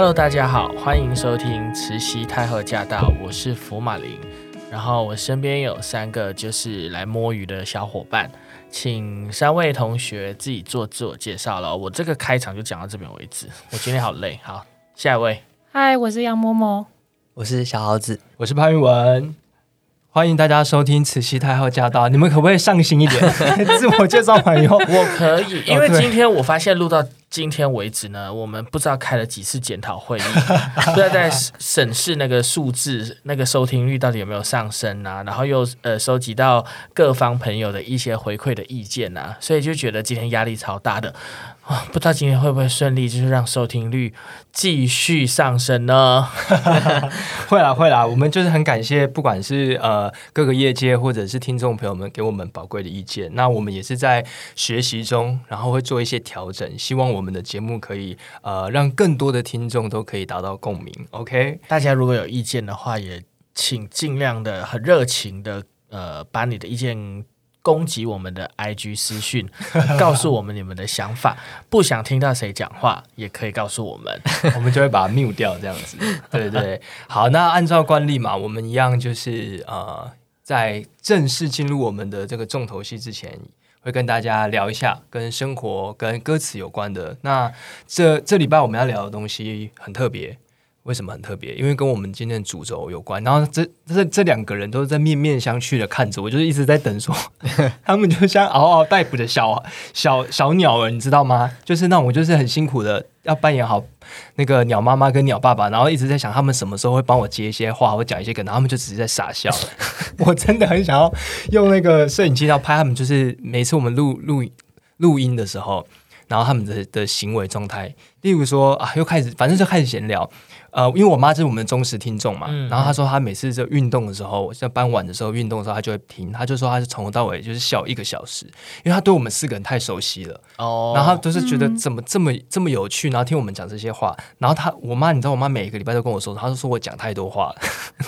Hello，大家好，歡迎收聽詞攜太厚駕到，我是福馬林，然後我身邊有三個就是來摸魚的小夥伴，請三位同學自己做自我介紹了，我這個開場就講到這邊為止，我今天好累，好，下一位，嗨，我是楊默默，我是小猴子，我是潘玉文。歡迎大家收聽《詞攜太厚駕到》，你們可不可以上心一點？自我介紹完以後， 我可以，因為今天我發現錄到今天為止呢，我們不知道開了幾次檢討會議，都 在審視那個數字，那個收聽率到底有沒有上升啊？然後又呃收集到各方朋友的一些回饋的意見啊，所以就覺得今天壓力超大的。不知道今天會不會順利，就是讓收聽率繼續上升呢？ 會啦，會啦，我們就是很感謝，不管是呃各個業界或者是聽眾朋友們給我們寶貴的意見。那我們也是在學習中，然後會做一些調整，希望我們的節目可以呃讓更多的聽眾都可以達到共鳴。OK，大家如果有意見的話，也請盡量的很熱情的呃把你的意見。攻擊我們的 IG 私訊，告訴我們你們的想法， 不想聽到誰講話，也可以告訴我們， 我們就會把它 mute 掉，這樣子。對，對對，好，那按照慣例嘛，我們一樣就是呃，在正式進入我們的這個重頭戲之前，會跟大家聊一下跟生活跟歌詞有關的。那這這禮拜我們要聊的東西很特別。為什麼很特別？因為跟我們今天的主軸有關。然後這這這兩個人都是在面面相覷的看着我，就是一直在等說， 他們就像嗷嗷待哺的小小小鳥兒，你知道嗎？就是那種，就是很辛苦的要扮演好那個鳥媽媽跟鳥爸爸，然後一直在想他們什麼時候會幫我接一些話，我講一些梗，然後他們就只是在傻笑。 我真的很想要用那個攝影機要拍他們，就是每次我們錄錄錄音的時候，然後他們的的行為狀態，例如說啊，又開始，反正就開始閒聊。呃，因為我媽是我們的忠實聽眾嘛、嗯，然後她說她每次在運動的時候，在、嗯、傍晚的時候運動的時候，她就會聽。她就說她是從頭到尾就是笑一個小時，因為她對我們四個人太熟悉了。哦，然後她就是覺得怎麼這麼、嗯、這麼有趣，然後聽我們講這些話。然後她我媽，你知道，我媽每一個禮拜都跟我說，她都說我講太多話了、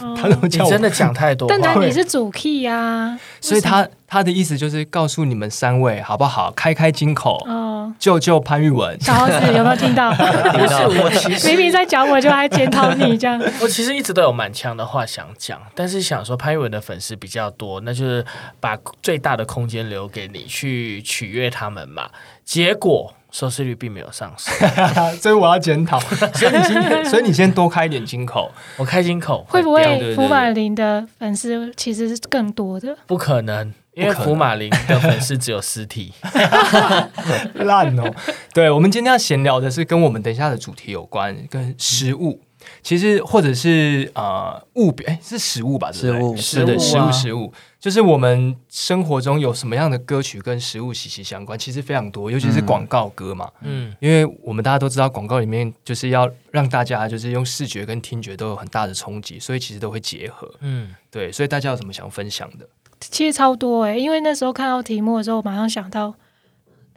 哦，她都叫我你真的講太多話、嗯。但是，你是主 key 呀、啊，所以她。他的意思就是告訴你們三位好不好？開開金口，哦、救救潘玉文。小猴子有沒有聽到？不是我，其實明明在講，我就在檢討你這樣。 我其實一直都有滿腔的話想講，但是想說潘玉文的粉絲比較多，那就是把最大的空間留給你去取悅他們嘛。結果。收視率並沒有上升。 所以我要檢討。所以你今天，所以你先多開一點金口。 我開金口會不會福馬林的粉絲其實是更多的？不可能，不可能因為福馬林的粉絲只有屍體。爛 哦 爛、喔！ 對，我們今天要閒聊的是跟我們等一下的主題有關，跟食物。嗯其實，或者是啊、呃，物哎，是食物吧？對對食物，是的食食食，食物，食物，就是我們生活中有什麼樣的歌曲跟食物息息相關？其實非常多，尤其是廣告歌嘛。嗯，因為我們大家都知道，廣告裡面就是要讓大家就是用視覺跟聽覺都有很大的衝擊，所以其實都會結合。嗯，對，所以大家有什麼想分享的？其實超多哎、欸，因為那時候看到題目的時候，我馬上想到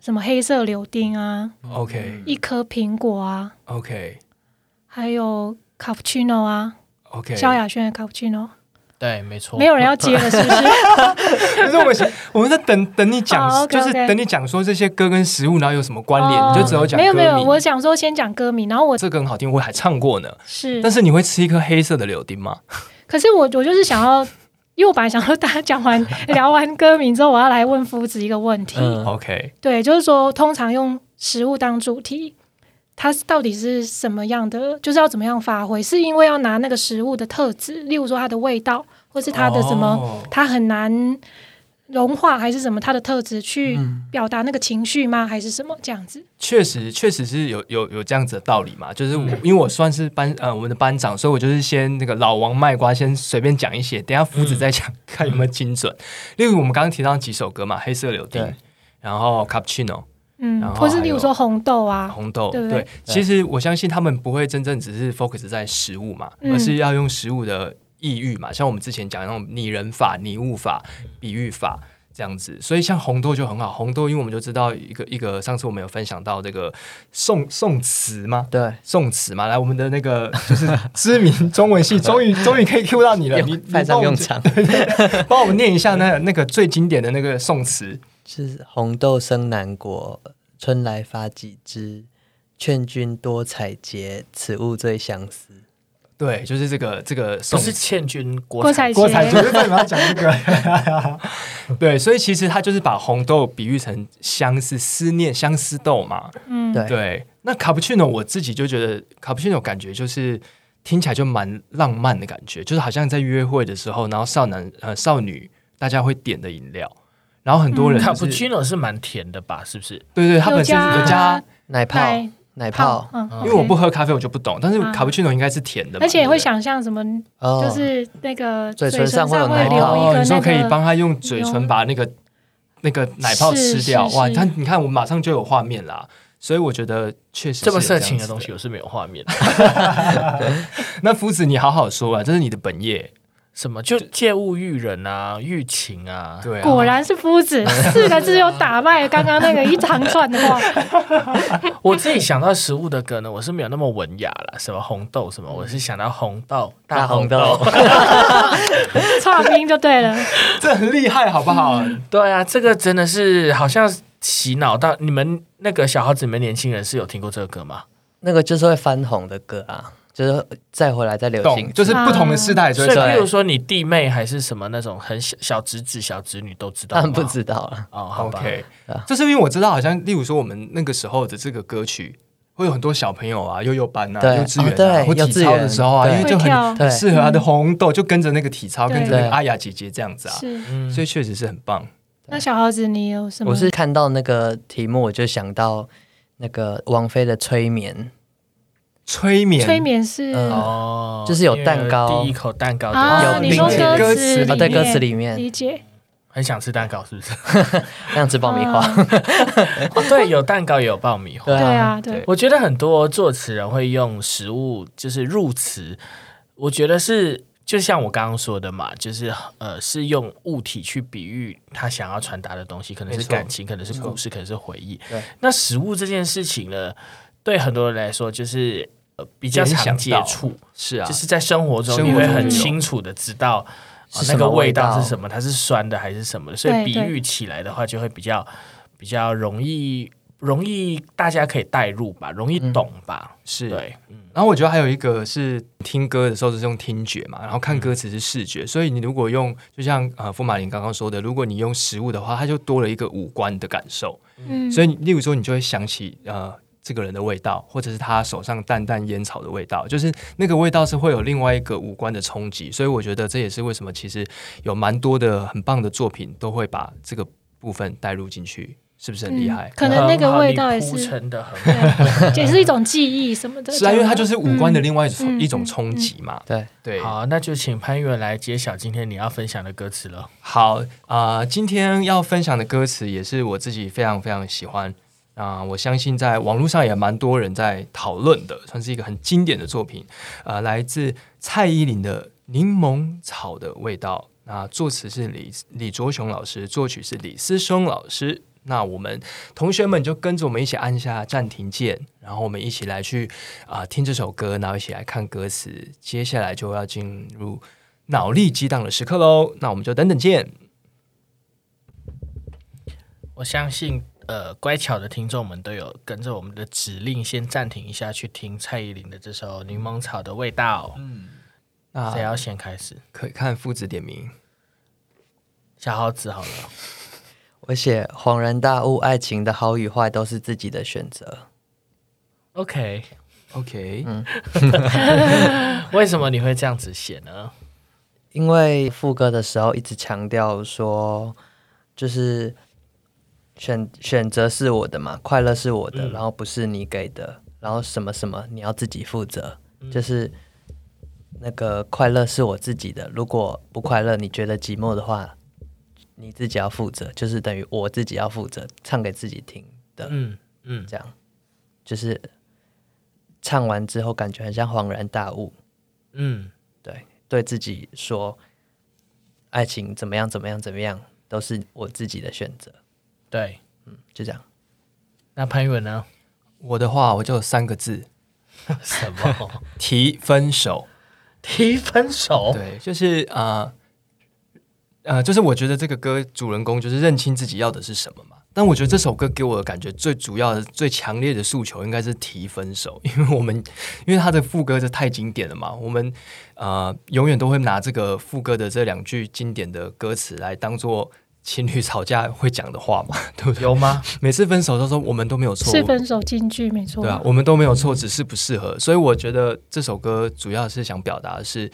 什麼黑色柳丁啊，OK，一顆蘋果啊，OK。還有卡布奇諾啊，OK，蕭亞軒的卡布奇諾，對，沒錯，沒有人要接了，是不是？ 可是我們我們在等等你講，oh, okay, okay. 就是等你講說這些歌跟食物然後有什麼關聯，oh, okay. 你就只有講歌名，沒有，沒有，我想說先講歌名，然後我這個很好聽，我還唱過呢。是，但是你會吃一顆黑色的柳丁嗎？可是我我就是想要，因為我本來想說大家講完 聊完歌名之後，我要來問夫子一個問題。嗯、OK，對，就是說通常用食物當主題。它到底是什麼樣的？就是要怎麼樣發揮？是因為要拿那個食物的特質，例如說它的味道，或是它的什麼，哦、它很難融化，還是什麼？它的特質去表達那個情緒嗎？嗯、還是什麼這樣子？確實，確實是有有有這樣子的道理嘛。就是我、嗯、因為我算是班呃我們的班長，所以我就是先那個老王賣瓜，先隨便講一些，等下夫子再講、嗯，看有沒有精準。例如我們剛剛提到幾首歌嘛，《黑色柳丁》，嗯、然後卡布奇諾。嗯，或是你比如說紅豆啊，紅豆對，對，對，其實我相信他們不會真正只是 focus 在食物嘛，嗯、而是要用食物的意喻嘛，像我們之前講的那種擬人法、擬物法、比喻法這樣子，所以像紅豆就很好，紅豆因為我們就知道一個一個，上次我們有分享到這個宋宋詞嘛，對，宋詞嘛，來我們的那個就是知名中文系終於， 終於，終於可以 Q 到你了，你，你派上用場， 幫我們念一下那那個最經典的那個宋詞。是紅豆生南國，春來發幾枝。勸君多採擷，此物最相思。對，就是這個，這個都是勸君國採郭採。就 是為什麼要講這個。 對，所以其實他就是把紅豆比喻成相思思念相思豆嘛。嗯，對。對那卡布奇諾，我自己就覺得卡布奇諾感覺就是聽起來就蠻浪漫的感覺，就是好像在約會的時候，然後少男呃少女大家會點的飲料。然後很多人、就是嗯、卡布奇諾是蠻甜的吧？是不是？對對，它本身、就是、有加奶泡，奶泡，泡、嗯。因為我不喝咖啡，我就不懂、啊。但是卡布奇諾應該是甜的吧。而且也會想象什麼、嗯？就是那個嘴唇上會有奶泡、哦，留一個，那個，你說可以幫他用嘴唇把那個那個奶泡吃掉。哇！他你，你看，我馬上就有畫面啦、啊。所以我覺得確實這麼色情的，的東西，我是沒有畫面。 對 那夫子，你好好說啊，這是你的本業。什麼就借物喻人啊，喻情啊，對，果然是夫子、啊、四個字又打敗了 剛剛那個一長串的話。 我自己想到食物的歌呢，我是沒有那麼文雅了，什麼紅豆什麼，我是想到紅豆、嗯、大紅豆，剉 冰 就對了。這很厲害，好不好、啊？ 對啊，這個真的是好像洗腦到你們那個小孩子，你們年輕人是有聽過這個歌嗎？那個就是會翻紅的歌啊。就是再回來再流行，就是不同的世代、就是啊。所以，比如說你弟妹還是什麼那種很小小侄子、小侄女都知道，但不知道了、啊。哦好，OK，就、啊、是因為我知道，好像例如說我們那個時候的這個歌曲，會有很多小朋友啊，幼幼班啊、幼稚園啊，或體操的時候啊，對，因為就很，很適合他、啊、的《紅豆》，就跟着那個體操，對跟着那阿雅姐姐這樣子啊，對，所以確實是很棒。那小孩子，你有什麼？我是看到那個題目，我就想到那個王菲的《催眠》。催眠，催眠是、嗯、哦，就是有蛋糕，第一口蛋糕的，有理解歌詞啊，在歌詞裡面、哦、裡面很想吃蛋糕，是不是？很 想吃爆米花、嗯哦。對，有蛋糕也有爆米花。對啊，對，啊對，對。我覺得很多作詞人會用食物，就是入詞。我覺得是，就像我剛剛說的嘛，就是呃，是用物體去比喻他想要傳達的東西，可能是感情，可能是故事、嗯，可能是回憶。對。那食物這件事情呢？對很多人來說，就是、呃、比較常接觸，是啊，就是在生活中、啊、你會很清楚的知道、哦道哦、那個味道是什麼，它是酸的還是什麼的，所以比喻起來的話就會比較對對比較容易，容易大家可以帶入吧，容易懂吧？嗯、是對、嗯。然後我覺得還有一個是聽歌的時候就是用聽覺嘛，然後看歌詞是視覺，嗯、所以你如果用就像啊，福、呃、馬林剛剛剛說的，如果你用食物的話，它就多了一個五官的感受。嗯，所以例如說你就會想起呃。這個人的味道，或者是他手上淡淡煙草的味道，就是那個味道是會有另外一個五官的衝擊，所以我覺得這也是為什麼其實有蠻多的很棒的作品都會把這個部分帶入進去，是不是很厲害？嗯、可能那個味道也是，好的很嗯嗯、也是、就是一種記憶什麼的。 是啊，因為它就是五官的另外一種衝擊嘛。嗯嗯嗯、對對。好，那就請潘越來揭曉今天你要分享的歌詞了。好啊、呃，今天要分享的歌詞也是我自己非常非常喜歡。啊，我相信在網絡上也蠻多人在討論的，算是一個很經典的作品。啊、呃，來自蔡依林的《檸檬草的味道》，啊，作詞是李李卓雄老師，作曲是李思松老師。那我們同學們就跟着我們一起按下暫停鍵，然後我們一起來去啊、呃、聽這首歌，然後一起來看歌詞。接下來就要進入腦力激盪的時刻嘍。那我們就等等見。我相信，呃，乖巧的聽眾們都有跟着我們的指令，先暫停一下，去聽蔡依林的這首《檸檬草的味道》。嗯，誰要先開始？啊、可以看副詞點名，小耗子好了。我寫“恍然大悟”，愛情的好與壞都是自己的選擇。OK，OK，、okay. okay. 嗯、 為什麼你會這樣子寫呢？因為副歌的時候一直強調說，就是。選選擇是我的嘛？快樂是我的，嗯，然後不是你給的，然後什麼什麼你要自己負責，嗯，就是那個快樂是我自己的。如果不快樂，你覺得寂寞的話，你自己要負責，就是等於我自己要負責，唱給自己聽的。嗯嗯，這樣就是唱完之後感覺很像恍然大悟。嗯，對，對自己說，愛情怎麼樣，怎麼樣，怎麼樣，都是我自己的選擇。對，嗯，就這樣。那潘越文呢？我的話，我就三個字：什麼？提分手？提分手？對，就是啊、呃，呃，就是我覺得這個歌主人公就是認清自己要的是什麼嘛。但我覺得這首歌給我的感覺，最主要的、最強烈的訴求應該是提分手，因為我們因為他的副歌是太經典了嘛，我們呃永遠都會拿這個副歌的這兩句經典的歌詞來當做。情侶吵架會講的話嗎？對不對？有嗎？每次分手都說我們都沒有錯。是分手金句，沒錯、啊。對啊，我們都沒有錯、嗯，只是不適合。所以我覺得這首歌主要是想表達的是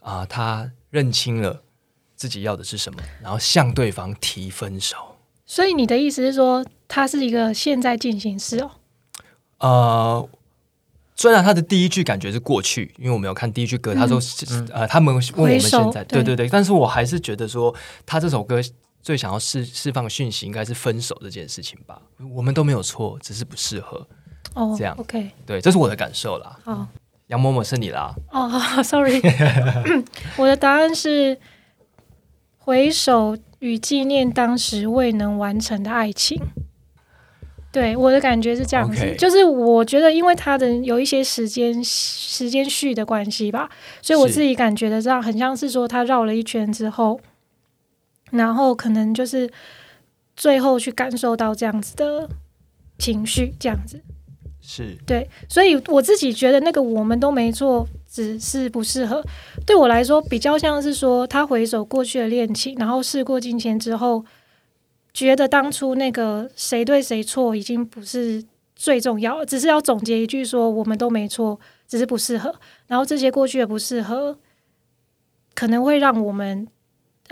啊、呃，他認清了自己要的是什麼，然後向對方提分手。所以你的意思是說，他是一個現在進行式哦？呃，雖然他的第一句感覺是過去，因為我們有看第一句歌，嗯、他說、嗯、呃，他們問我們現在對，對對對，但是我還是覺得說他這首歌。最想要釋釋放訊息應該是分手這件事情吧，我們都沒有錯，只是不適合。哦、oh,，這樣，OK，對，這是我的感受啦。楊、oh. 嗯、某某是你啦。哦、oh,，Sorry， 我的答案是回首與紀念當時未能完成的愛情。對，我的感覺是這樣子，okay. 就是我覺得因為他的有一些時間時間序的關係吧，所以我自己感覺的這樣，很像是說他繞了一圈之後。然後可能就是最後去感受到這樣子的情緒，這樣子是對，所以我自己覺得那個我們都沒錯，只是不適合。對我來說，比較像是說他回首過去的戀情，然後事過境遷之後，覺得當初那個誰對誰錯已經不是最重要，只是要總結一句說我們都沒錯，只是不適合。然後這些過去的不適合，可能會讓我們。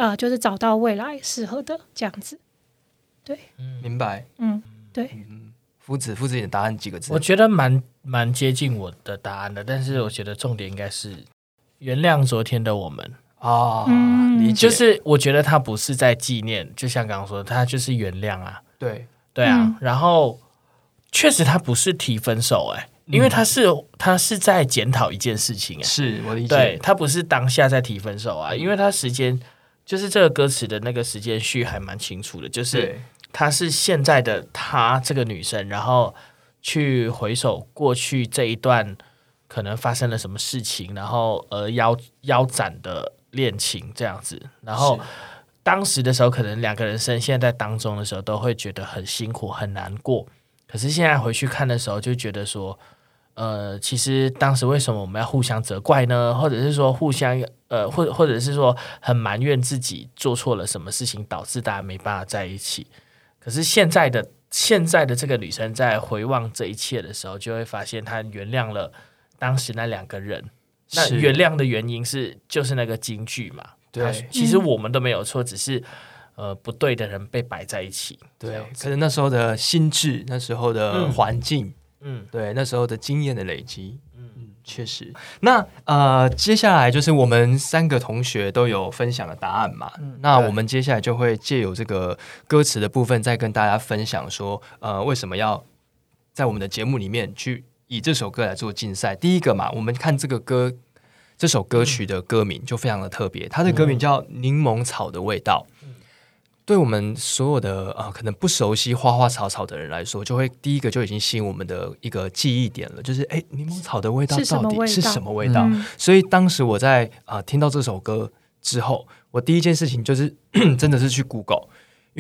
啊、呃，就是找到未來適合的這樣子，對，嗯，明白，嗯，對，嗯，夫子，夫子你的答案幾個字？我覺得蠻蠻接近我的答案的，但是我覺得重點應該是原諒昨天的我們啊、哦嗯，你就是我覺得他不是在紀念，就像剛剛說，他就是原諒啊，對，對啊，嗯、然後確實他不是提分手、欸，哎，因為他是、嗯、他是在檢討一件事情、欸，哎，是，我理解，對，他不是當下在提分手啊，因為他時間。就是這個歌詞的那個時間序還蠻清楚的，就是她是現在的她這個女生，然後去回首過去這一段可能發生了什麼事情，然後呃腰腰斬的戀情這樣子。然後當時的時候，可能兩個人生現在當中的時候，都會覺得很辛苦很難過。可是現在回去看的時候，就覺得說。呃，其實當時為什麼我們要互相責怪呢？或者是說互相呃，或者或者是說很埋怨自己做錯了什麼事情，導致大家沒辦法在一起。可是現在的現在的這個女生在回望這一切的時候，就會發現她原諒了當時那兩個人。那原諒的原因是，就是那個金句嘛。對，其實我們都沒有錯，嗯、只是呃，不對的人被擺在一起對。對，可是那時候的心智，那時候的環境。嗯嗯，對，那時候的經驗的累積，嗯，嗯確實。那呃，接下來就是我們三個同學都有分享的答案嘛。嗯、那我們接下來就會借由這個歌詞的部分，再跟大家分享說，呃，為什麼要在我們的節目裡面去以這首歌來做競賽？第一個嘛，我們看這個歌，這首歌曲的歌名就非常的特別，嗯、它的歌名叫《檸檬草的味道》。對我們所有的啊、呃，可能不熟悉花花草草的人來說，就會第一個就已經吸引我們的一個記憶點了，就是哎、欸，檸檬草的味道到底是什麼味道？味道，嗯，所以當時我在啊、呃、聽到這首歌之後，我第一件事情就是 真的是去 Google。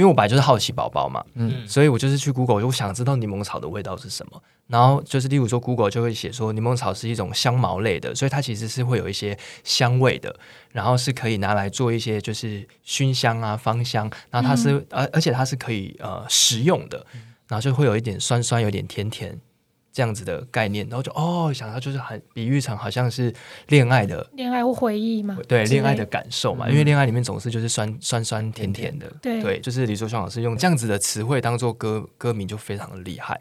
因為我本來就是好奇寶寶嘛，嗯，所以我就是去 Google，我就想知道檸檬草的味道是什麼。然後就是，例如說，Google 就會寫說，檸檬草是一種香茅類的，所以它其實是會有一些香味的。然後是可以拿來做一些就是熏香啊、芳香。然後它是，而、嗯、而且它是可以呃食用的。然後就會有一點酸酸，有點甜甜。這樣子的概念，然後就哦，想到就是很比喻成，好像是戀愛的戀愛或回憶嘛，對，戀愛的感受嘛，嗯、因為戀愛裡面總是就是酸酸酸甜甜的，甜甜對，對，就是李焯雄老師用這樣子的詞彙當做歌歌名，就非常的厲害。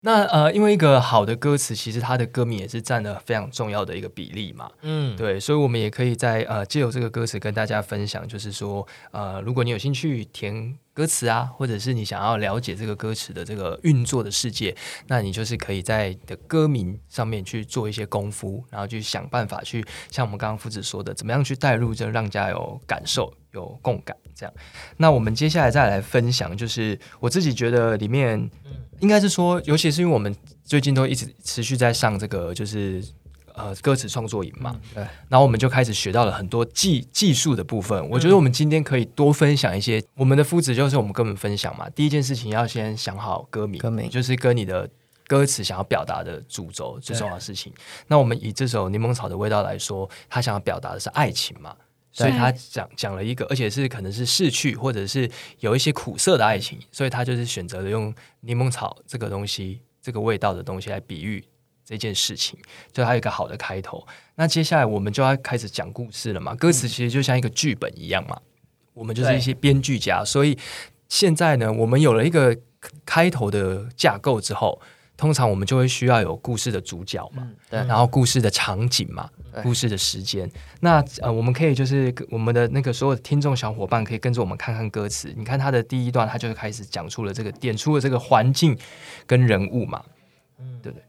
那呃，因為一個好的歌詞，其實它的歌名也是占了非常重要的一個比例嘛，嗯，對，所以我們也可以在呃借由這個歌詞跟大家分享，就是說呃，如果你有興趣填。歌詞啊，或者是你想要了解這個歌詞的這個運作的世界，那你就是可以在你的歌名上面去做一些功夫，然後去想辦法去，像我們剛剛夫子說的，怎麼樣去帶入，就讓大家有感受、有共感。這樣，那我們接下來再來分享，就是我自己覺得裡面應該是說，尤其是因為我們最近都一直持續在上這個，就是。呃，歌詞創作營嘛、嗯，對，然後我們就開始學到了很多技技術的部分。我覺得我們今天可以多分享一些、嗯、我們的夫子，就是我們跟我們分享嘛。第一件事情要先想好歌名，歌名就是跟你的歌詞想要表達的主軸最重要的事情。那我們以這首《檸檬草的味道》來說，他想要表達的是愛情嘛，所以他講講了一個，而且是可能是逝去或者是有一些苦澀的愛情，所以他就是選擇了用檸檬草這個東西，這個味道的東西來比喻。這件事情就還有一個好的開頭。那接下來我們就要開始講故事了嘛？歌詞其實就像一個劇本一樣嘛，嗯、我們就是一些編劇家。所以現在呢，我們有了一個開頭的架構之後，通常我們就會需要有故事的主角嘛，嗯、對，然後故事的場景嘛，嗯、故事的時間。那呃，我們可以就是我們的那個所有聽眾小夥伴可以跟着我們看看歌詞。你看它的第一段，它就開始講出了這個點出了這個環境跟人物嘛，嗯，對不對？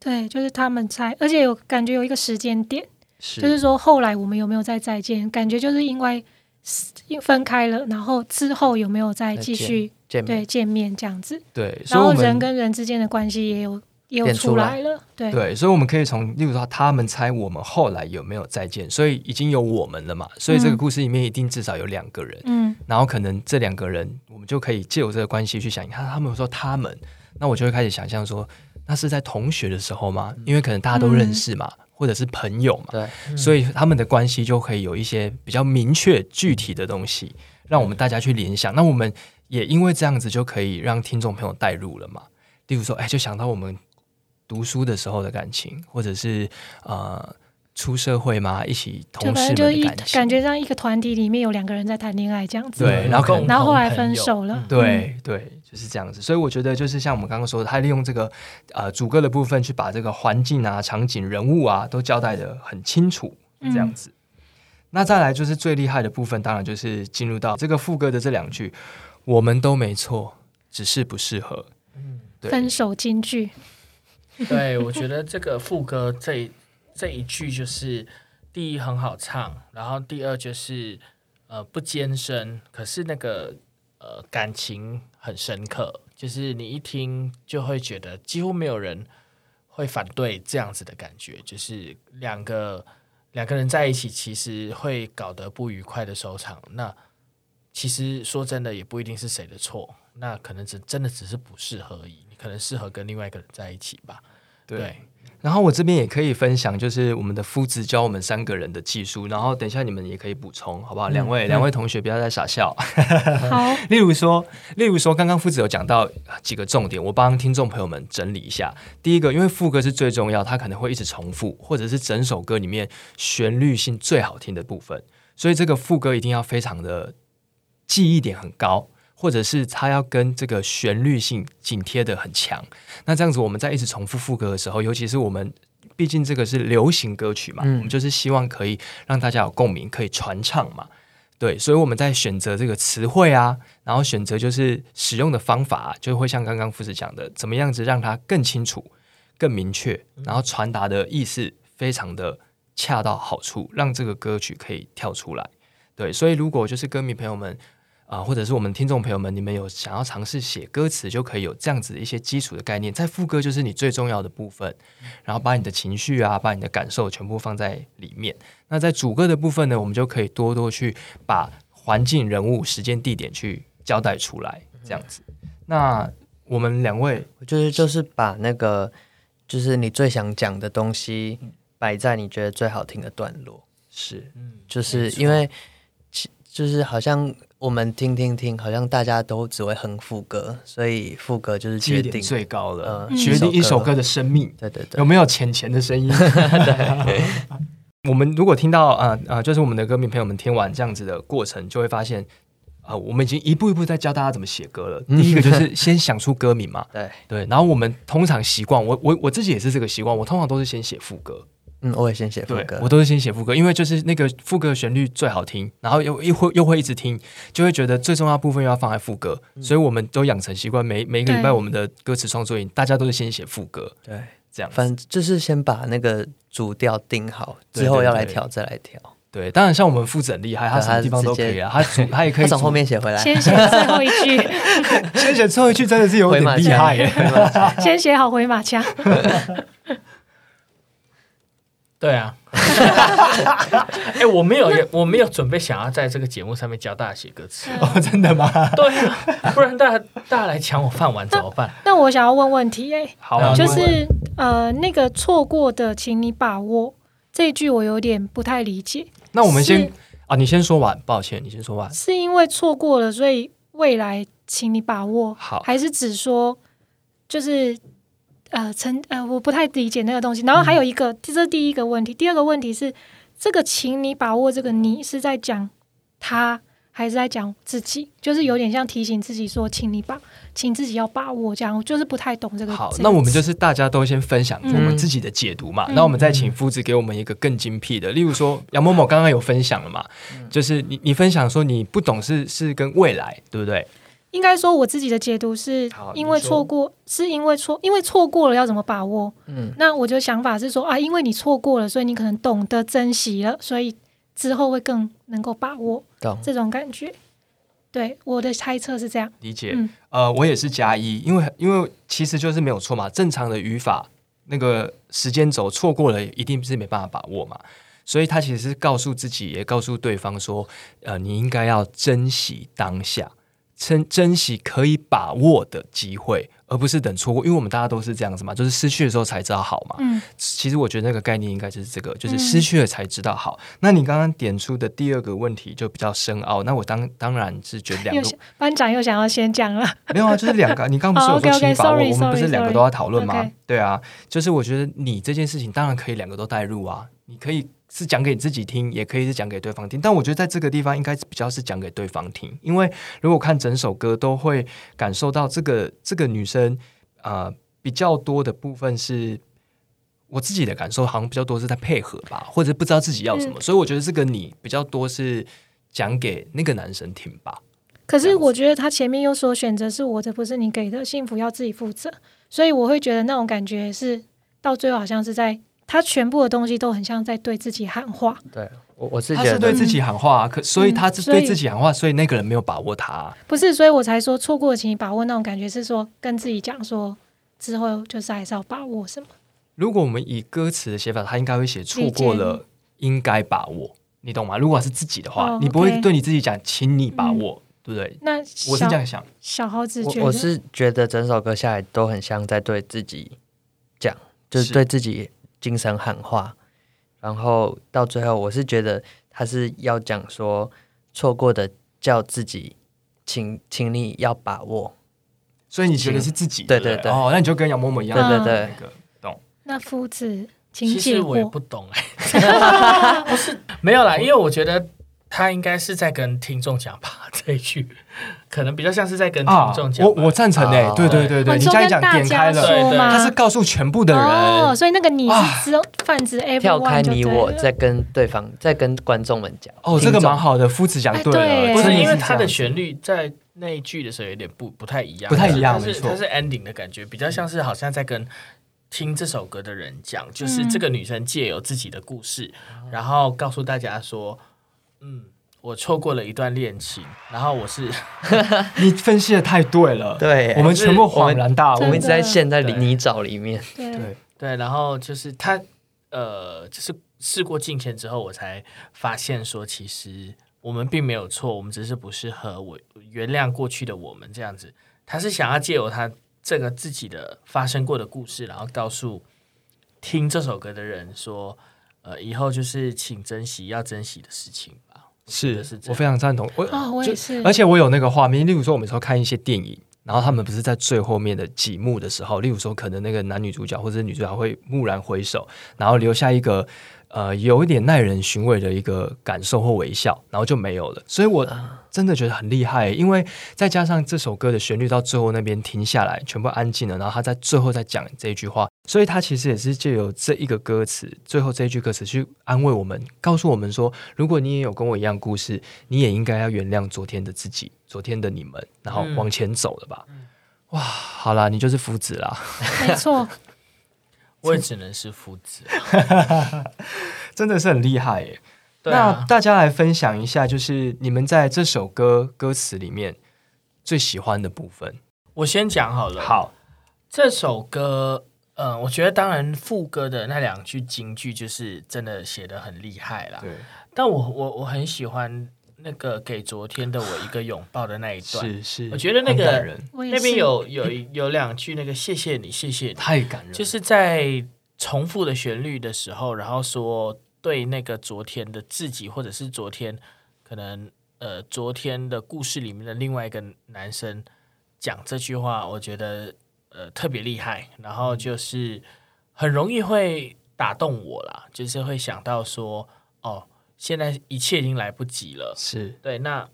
對，就是他們猜，而且有感覺有一個時間點，就是說後來我們有沒有再再見？感覺就是因為分開了，然後之後有沒有再繼續見見面對見面這樣子？對，然後人跟人之間的關係也有也有出來了，來對，對，所以我們可以從例如說他們猜我們後來有沒有再見，所以已經有我們了嘛，所以這個故事裡面一定至少有兩個人，嗯，然後可能這兩個人，我們就可以借由這個關係去想，看他們有說他們，那我就會開始想象說。那是在同學的時候嘛，因為可能大家都認識嘛，嗯、或者是朋友嘛，對，嗯、所以他們的關係就可以有一些比較明確、具體的東西、嗯，讓我們大家去聯想、嗯。那我們也因為這樣子就可以讓聽眾朋友帶入了嘛。例如說，哎、欸，就想到我們讀書的時候的感情，或者是呃，出社會嘛，一起同事的感情，就就一感覺像一個團體裡面有兩個人在談戀愛這樣子、嗯，對，然後然後後來分手了，對對。就是這樣子，所以我覺得就是像我們剛剛說的，他利用這個呃主歌的部分去把這個環境啊、場景、人物啊都交代得很清楚，這樣子。嗯、那再來就是最厲害的部分，當然就是進入到這個副歌的這兩句：“我們都沒錯，只是不適合。嗯”嗯，分手金句。 對，我覺得這個副歌這一這一句就是第一很好唱，然後第二就是呃不艱深，可是那個呃感情。很深刻，就是你一聽就會覺得幾乎沒有人會反對這樣子的感覺，就是兩個兩個人在一起其實會搞得不愉快的收場。那其實說真的也不一定是誰的錯，那可能只真的只是不適合而已，你可能適合跟另外一個人在一起吧？對。對。然後我這邊也可以分享，就是我們的夫子教我們三個人的技術。然後等一下你們也可以補充，好不好？兩位、嗯、兩位同學不要再傻笑。 好。例如說，例如說，剛剛夫子有講到幾個重點，我幫聽眾朋友們整理一下。第一個，因為副歌是最重要，它可能會一直重複，或者是整首歌裡面旋律性最好聽的部分，所以這個副歌一定要非常的記憶點很高。或者是它要跟這個旋律性緊貼得很強，那這樣子我們在一直重複副歌的時候，尤其是我們畢竟這個是流行歌曲嘛、嗯，我們就是希望可以讓大家有共鳴，可以傳唱嘛，對。所以我們在選擇這個詞彙啊，然後選擇就是使用的方法啊，就會像剛剛富子講的，怎麼樣子讓它更清楚、更明確，然後傳達的意思非常的恰到好處，讓這個歌曲可以跳出來。對，所以如果就是歌迷朋友們。啊，或者是我們聽眾朋友們，你們有想要嘗試寫歌詞，就可以有這樣子的一些基礎的概念。在副歌就是你最重要的部分，然後把你的情緒啊，把你的感受全部放在裡面。那在主歌的部分呢，我們就可以多多去把環境、人物、時間、地點去交代出來，這樣子、嗯。那我們兩位，就是就是把那個，就是你最想講的東西擺在你覺得最好聽的段落，嗯、是，嗯，就是因為，嗯、其就是好像。我們聽聽聽，好像大家都只會哼副歌，所以副歌就是記憶點最高的，呃，嗯、決定一首，一首歌的生命。對對對，有沒有前前的聲音 對？對。 我們如果聽到，啊、呃、啊、呃，就是我們的歌迷朋友們聽完這樣子的過程，就會發現，啊、呃，我們已經一步一步在教大家怎麼寫歌了、嗯呵呵。第一個就是先想出歌名嘛， 對對。然後我們通常習慣，我我我自己也是這個習慣，我通常都是先寫副歌。嗯，我也先寫副歌，我都是先寫副歌，因為就是那個副歌的旋律最好聽，然後又一會又會一直聽，就會覺得最重要部分要放在副歌、嗯，所以我們都養成習慣，每每個禮拜我們的歌詞創作營大家都是先寫副歌，對，這樣子，反正就是先把那個主調定好，之後要來調再來調，對。當然，像我們副整厲害，他什麼地方都可以啊，他他也可以從後面寫回來，先寫最後一句， 先寫最後一句 先寫最後一句真的是有點厲害， 回馬槍 先寫好回馬槍。 對啊，哎、 欸，我沒有，我沒有準備想要在這個節目上面教大家寫歌詞哦、嗯啊，真的嗎？對 不然大家 大家來搶我飯碗怎麼辦那？那我想要問問題、欸，哎，好，就是呃，那個錯過的，請你把握這句，我有點不太理解。那我們先啊，你先說完，抱歉，你先說完，是因為錯過了，所以未來請你把握，好，還是只說就是。呃，成，呃，我不太理解那個東西。然後還有一個，嗯、這是第一個問題。第二個問題是，這個，請你把握這個，你是在講他，還是在講自己？就是有點像提醒自己說，請你把，請自己要把握。這樣，我就是不太懂這個。好、這個，那我們就是大家都先分享我們自己的解讀嘛。那、嗯、我們再請夫子給我們一個更精闢的。例如說，楊某某剛剛有分享了嘛，嗯、就是你你分享說你不懂是是跟未來，對不對？應該說，我自己的解讀是因為錯過，是因為錯，因為錯過了要怎麼把握？嗯，那我的想法是說啊，因為你錯過了，所以你可能懂得珍惜了，所以之後會更能夠把握到這種感覺。對，我的猜測是這樣。理解。嗯、呃，我也是加一，因為因為其實就是沒有錯嘛。正常的語法，那個時間軸錯過了，一定是沒辦法把握嘛。所以他其實是告訴自己，也告訴對方說，呃，你應該要珍惜當下。珍珍惜可以把握的機會，而不是等錯過。因為我們大家都是這樣子嘛，就是失去的時候才知道好嘛。嗯，其實我覺得那個概念應該就是這個，就是失去了才知道好。嗯、那你剛剛點出的第二個問題就比較深奧，那我當當然是覺得兩個班長又想要先講了。沒有啊，就是兩個。你剛，剛不是有說七寶， 哦、okay, okay, sorry, 我們不是兩個都要討論嗎？Okay. 對啊，就是我覺得你這件事情當然可以兩個都帶入啊，你可以。是講給自己聽，也可以是講給對方聽，但我覺得在這個地方應該比較是講給對方聽，因為如果看整首歌都會感受到，這個這個女生啊、呃、比較多的部分是我自己的感受，好像比較多是在配合吧，或者不知道自己要什麼、嗯，所以我覺得這個你比較多是講給那個男生聽吧。可是我覺得他前面又說選擇是我的，不是你給的，幸福要自己負責，所以我會覺得那種感覺是到最後好像是在。他全部的東西都很像在對自己喊話，對我我自己覺得對，他是對自己喊話、啊嗯，可所以他是對自己喊話、嗯所，所以那個人沒有把握他、啊，不是，所以我才說錯過，請你把握那種感覺，是說跟自己講說之後就是還是要把握什麼。如果我們以歌詞的寫法，他應該會寫錯過了應該把握，你懂嗎？如果是自己的話，oh, okay. 你不會對你自己講，請你把握，嗯、對不對？那我是這樣想，小猴子我，我是覺得整首歌下來都很像在對自己講，就是對自己。精神喊話，然後到最後，我是覺得他是要講說，錯過的叫自己，請，請你要把握。所以你覺得是自己對對對，對，對，對哦，那你就跟楊某某一樣，啊那個、對對對，懂。那夫子，請其實我也不懂哎、欸， 不是 沒有啦，因為我覺得。他應該是在跟聽眾講吧，這一句，可能比較像是在跟聽眾講、啊。我我贊成誒、欸啊，對對對對，你剛才講點開了，對對對，他是告訴全部的人，對對對部的人對對對。哦，所以那個你是只、啊、泛指 everyone 跳開你我，在跟對方，在跟觀眾們講。哦，這個蠻好的，夫子講對了。哎、對不是，是因為他的旋律在那一句的時候有點不不太一樣，不太一樣，一樣是它是 ending 的感覺，比較像是好像在跟聽這首歌的人講、嗯，就是這個女生借由自己的故事，嗯、然後告訴大家說。嗯，我錯過了一段戀情，然後我是 你分析的太對了，對，我們全部恍然大悟，我們一直在陷在泥沼裡面，對對、對、對，然後就是他，呃，就是事過境遷之後，我才發現說，其實我們並沒有錯，我們只是不適合我。我原諒過去的我們這樣子，他是想要借由他這個自己的發生過的故事，然後告訴聽這首歌的人說，呃，以後就是請珍惜要珍惜的事情。是，我非常贊同。我啊、哦，我也是就。而且我有那個畫面，例如說我們說看一些電影，然後他們不是在最後面的幾幕的時候，例如說可能那個男女主角或者女主角會驀然回首，然後留下一個呃有一點耐人尋味的一個感受或微笑，然後就沒有了。所以我真的覺得很厲害、欸，因為再加上這首歌的旋律到最後那邊停下來，全部安靜了，然後他在最後再講這句話。所以他其實也是借由這一個歌詞，最後這一句歌詞去安慰我們，告訴我們說：如果你也有跟我一樣故事，你也應該要原諒昨天的自己，昨天的你們，然後往前走了吧。嗯、哇，好啦，你就是夫子啦，沒錯， 我也只能是夫子、啊， 真的是很厲害耶，對、啊。那大家來分享一下，就是你們在這首歌歌詞裡面最喜歡的部分。我先講好了，好，這首歌。嗯，我覺得當然副歌的那兩句金句就是真的寫得很厲害啦。對，但我我我很喜歡那個給昨天的我一個擁抱的那一段，是是，我覺得那個人那邊有有有，有兩句那個謝謝你，謝謝你，太感人，就是在重複的旋律的時候，然後說對那個昨天的自己，或者是昨天可能呃昨天的故事裡面的另外一個男生講這句話，我覺得。呃，特別厲害，然後就是很容易會打動我啦。嗯，就是會想到說，哦，現在一切已經來不及了，是對。那，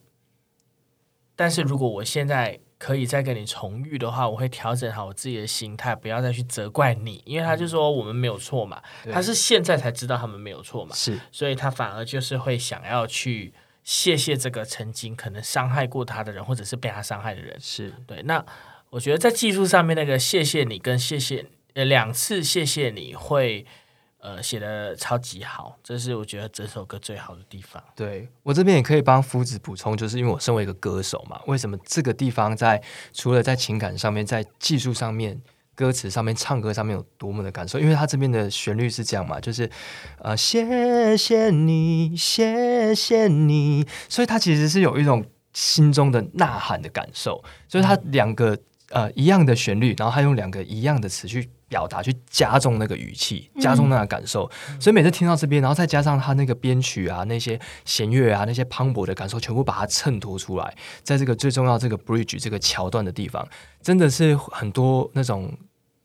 但是如果我現在可以再跟你重遇的話，我會調整好我自己的心態，不要再去責怪你，因為他就說我們沒有錯嘛，嗯，他是現在才知道他們沒有錯嘛，是，所以他反而就是會想要去謝謝這個曾經可能傷害過他的人，或者是被他傷害的人，是對那。我覺得在技術上面那個“謝謝你”跟“謝謝”呃兩次“謝謝你”會，呃寫得超級好，這是我覺得整首歌最好的地方。對我這邊也可以幫夫子補充，就是因為我身為一個歌手嘛，為什麼這個地方在除了在情感上面，在技術上面、歌詞上面、唱歌上面有多麼的感受？因為他這邊的旋律是這樣嘛，就是呃“謝謝你，謝謝你”，所以他其實是有一種心中的吶喊的感受，所以他兩個、嗯。呃，一樣的旋律，然後他用兩個一樣的詞去表達，去加重那個語氣，加重那個感受。嗯。所以每次聽到這邊，然後再加上他那個編曲啊，那些弦樂啊，那些磅礴的感受，全部把它襯托出來。在這個最重要這個 bridge 這個橋段的地方，真的是很多那種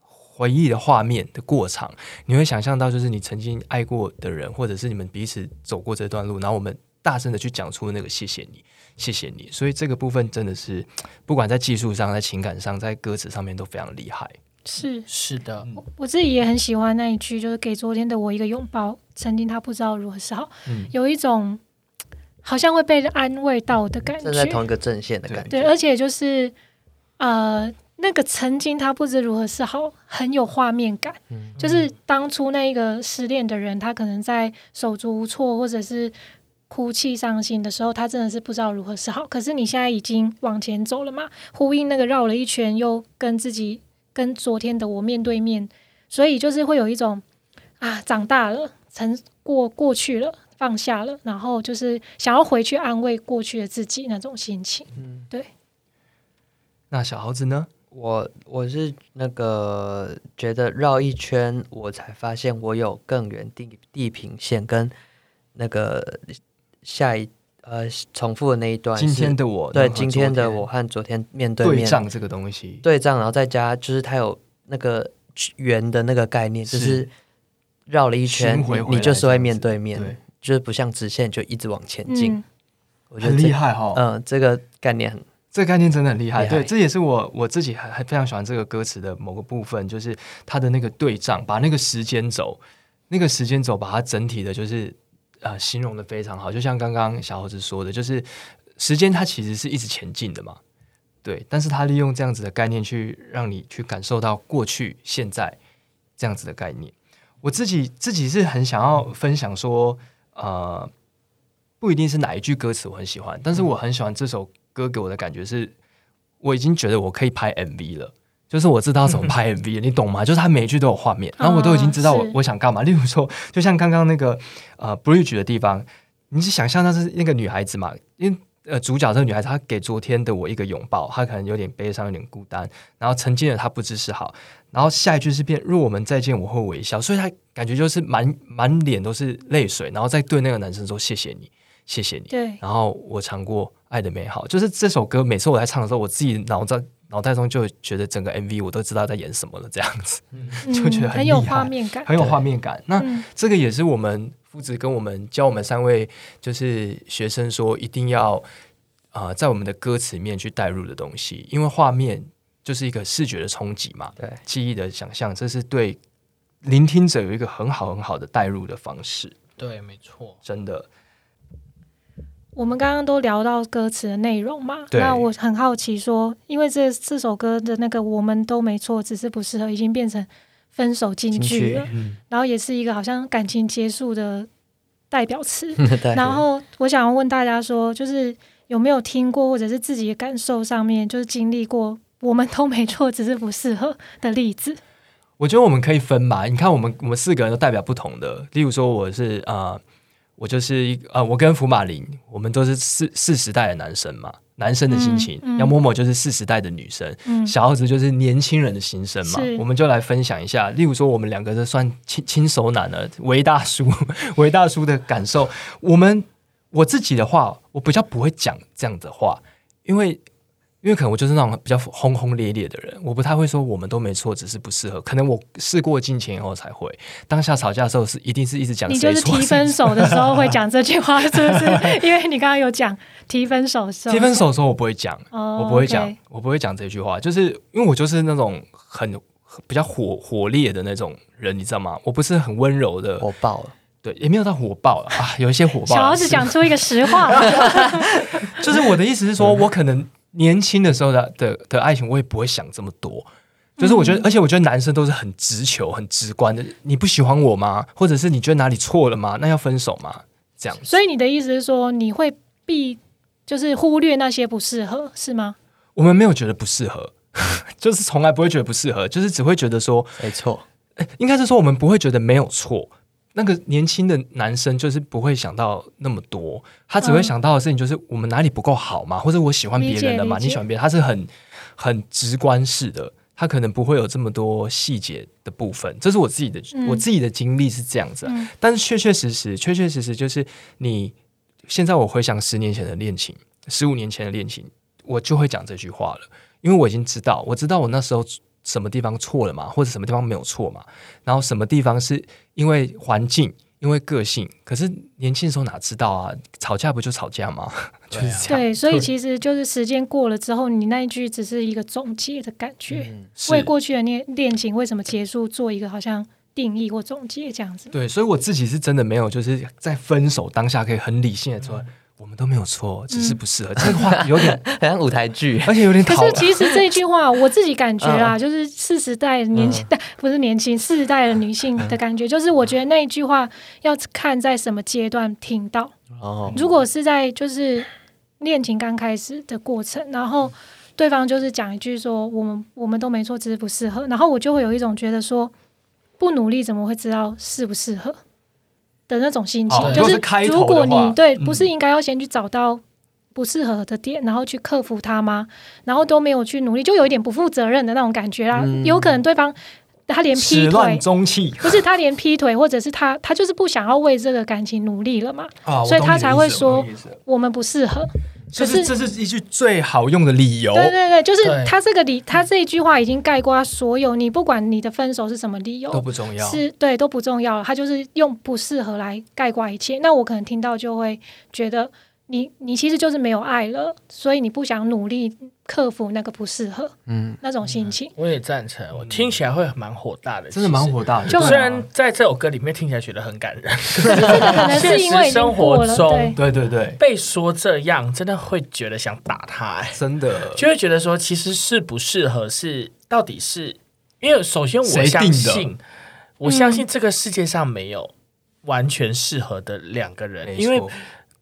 回憶的畫面的過場。你會想象到，就是你曾經愛過的人，或者是你們彼此走過這段路，然後我們大聲的去講出那個謝謝你。謝謝你，所以這個部分真的是，不管在技術上、在情感上、在歌詞上面都非常厲害。是是的，我自己也很喜歡那一句，就是給昨天的我一個擁抱。曾經他不知道如何是好，嗯、有一種好像會被安慰到的感覺，嗯、在同一個陣線的感覺。對，對，而且就是呃，那個曾經他不知如何是好，很有畫面感、嗯。就是當初那個失戀的人，他可能在手足無措，或者是。哭泣傷心的時候，他真的是不知道如何是好。可是你現在已經往前走了嘛，呼應那個繞了一圈，又跟自己、跟昨天的我面對面，所以就是會有一種啊，長大了，成過過去了，放下了，然後就是想要回去安慰過去的自己那種心情。嗯，對。那小猴子呢？我我是那個覺得繞一圈，我才發現我有更遠的地平線跟那個。下一呃，、重複的那一段。今天的我對、那個、天今天的我和昨天面對面。對仗這個東西。對仗，然後再加，就是它有那個圓的那個概念，是就是繞了一圈回回你，你就是會面對面對，就是不像直線，就一直往前進。嗯、我覺得很厲害哦。嗯、呃，這個概念很，這個概念真的很厲害。厲害對，這也是我我自己還還非常喜歡這個歌詞的某個部分，就是它的那個對仗，把那個時間軸，那個時間軸把它整體的，就是。啊、呃，形容的非常好，就像剛剛小猴子說的，就是時間它其實是一直前進的嘛，對。但是它利用這樣子的概念去讓你去感受到過去、現在這樣子的概念。我自己自己是很想要分享說，呃，不一定是哪一句歌詞我很喜歡，但是我很喜歡這首歌給我的感覺是，我已經覺得我可以拍 MV 了。就是我知道怎麼拍 MV，、嗯、你懂嗎？就是他每一句都有畫面，啊，然後我都已經知道我我想幹嘛。例如說，就像剛剛那個呃 bridge 的地方，你是想象那是那個女孩子嘛？因為呃主角這個女孩子，她給昨天的我一個擁抱，她可能有點悲傷，有點孤單，然後曾經的她不知是好。然後下一句是變，若我們再見，我會微笑，所以她感覺就是滿滿臉都是淚水，然後再對那個男生說謝謝你，謝謝你。對。然後我嘗過愛的美好，就是這首歌每次我在唱的時候，我自己腦子。腦袋中就覺得整個 MV 我都知道在演什麼了，這樣子，嗯， 就覺得很，很有畫面感，很有畫面感。那這個也是我們父子跟我們教我們三位就是學生說一定要啊、嗯呃，在我們的歌詞面去帶入的東西，因為畫面就是一個視覺的衝擊嘛，對，記憶的想象，這是對聆聽者有一個很好很好的帶入的方式。對，沒錯，真的。我們剛剛都聊到歌詞的內容嘛，對，那我很好奇說，因為這四首歌的那個我們都沒錯，只是不適合，已經變成分手金句了，嗯、然後也是一個好像感情結束的代表詞、嗯。然後我想要問大家說，就是有沒有聽過，或者是自己的感受上面就是經歷過“我們都沒錯，只是不適合”的例子？我覺得我們可以分吧，你看我們我們四個人都代表不同的，例如說我是啊。呃我就是一啊、呃，我跟福馬林，我們都是四四十代的男生嘛，男生的心情，楊、嗯嗯、某某就是四十代的女生，嗯、小奧子就是年輕人的心聲嘛、嗯，我們就來分享一下。例如說，我們兩個都算輕輕熟男了，韋大叔，韋大叔的感受， 我們我自己的話，我比較不會講這樣的話，因為。因為可能我就是那種比較轟轟烈烈的人，我不太會說我們都沒錯，只是不適合。可能我事過境遷以後才會。當下吵架的時候是一定是一直講。你就是提分手的時候會講這句話，是不是？ 因為你剛剛有講提分手的時候。提分手的時候我不會講，哦，我不會講，okay。我不會講，我不會講這句話，就是因為我就是那種很，很比較火火烈的那種人，你知道嗎？我不是很溫柔的，火爆。對，也沒有到火爆了啊，啊，有一些火爆啊。小老師講出一個實話， 就是我的意思是說，我可能。年輕的時候的的的愛情，我也不會想這麼多。就是我覺得、嗯，而且我覺得男生都是很直球、很直觀的。你不喜歡我嗎？或者是你覺得哪裡錯了嗎？那要分手嗎？這樣子。所以你的意思是說，你會避，就是忽略那些不適合，是嗎？我們沒有覺得不適合，就是從來不會覺得不適合，就是只會覺得說，沒錯，應該是說我們不會覺得沒有錯。那個年輕的男生就是不會想到那麼多，他只會想到的事情就是我們哪裡不夠好嘛、嗯，或者我喜歡別人的嘛，你喜歡別人，他是很很直觀式的，他可能不會有這麼多細節的部分。這是我自己的，嗯、我自己的經歷是這樣子、啊嗯。但是確確實實，確確實實就是你現在我回想十年前的戀情，十五年前的戀情，我就會講這句話了，因為我已經知道，我知道我那時候。什麼地方錯了嘛，或者什麼地方沒有錯嘛？然後什麼地方是因為環境，因為個性？可是年輕的時候哪知道啊？吵架不就吵架嗎？對啊， 就是這樣，對，所以其實就是時間過了之後，你那一句只是一個總結的感覺，嗯嗯，為過去的戀戀情為什麼結束做一個好像定義或總結這樣子。對，所以我自己是真的沒有，就是在分手當下可以很理性的做。嗯嗯我們都沒有錯，只是不適合、嗯。這個話有點好 像舞台劇，而且有點。可是其實這一句話，我自己感覺啊、 嗯，就是四十代年輕代，不是年輕四十代的女性的感覺、嗯，就是我覺得那一句話要看在什麼階段聽到。哦、嗯。如果是在就是戀情剛開始的過程，然後對方就是講一句說“我們我們都沒錯，只是不適合”，然後我就會有一種覺得說，不努力怎麼會知道適不適合？的那種心情，哦、就是如果你如果開對，不是應該要先去找到不適合的點、嗯，然後去克服它嗎？然後都沒有去努力，就有一點不負責任的那種感覺啦、啊嗯。有可能對方他連劈腿，不是他連劈腿，或者是他他就是不想要為這個感情努力了嘛？哦、了所以他才會說我，我們不適合。是就是這是一句最好用的理由。對對對，就是他這個理，他這一句話已經概括所有你。你不管你的分手是什麼理由，都不重要，是，對，都不重要了。他就是用不適合來概括一切。那我可能聽到就會覺得。你你其實就是沒有愛了，所以你不想努力克服那個不適合，嗯，那種心情。嗯、我也贊成，我聽起來會蠻火大的，真的蠻火大的就。雖然在這首歌裡面聽起來覺得很感人，啊啊、可能是因為現實生活中對對對對，對對對，被說這樣真的會覺得想打他，欸，真的就會覺得說，其實適不適合是到底是，因為首先我相信，我相信這個世界上沒有完全適合的兩個人，嗯，因為。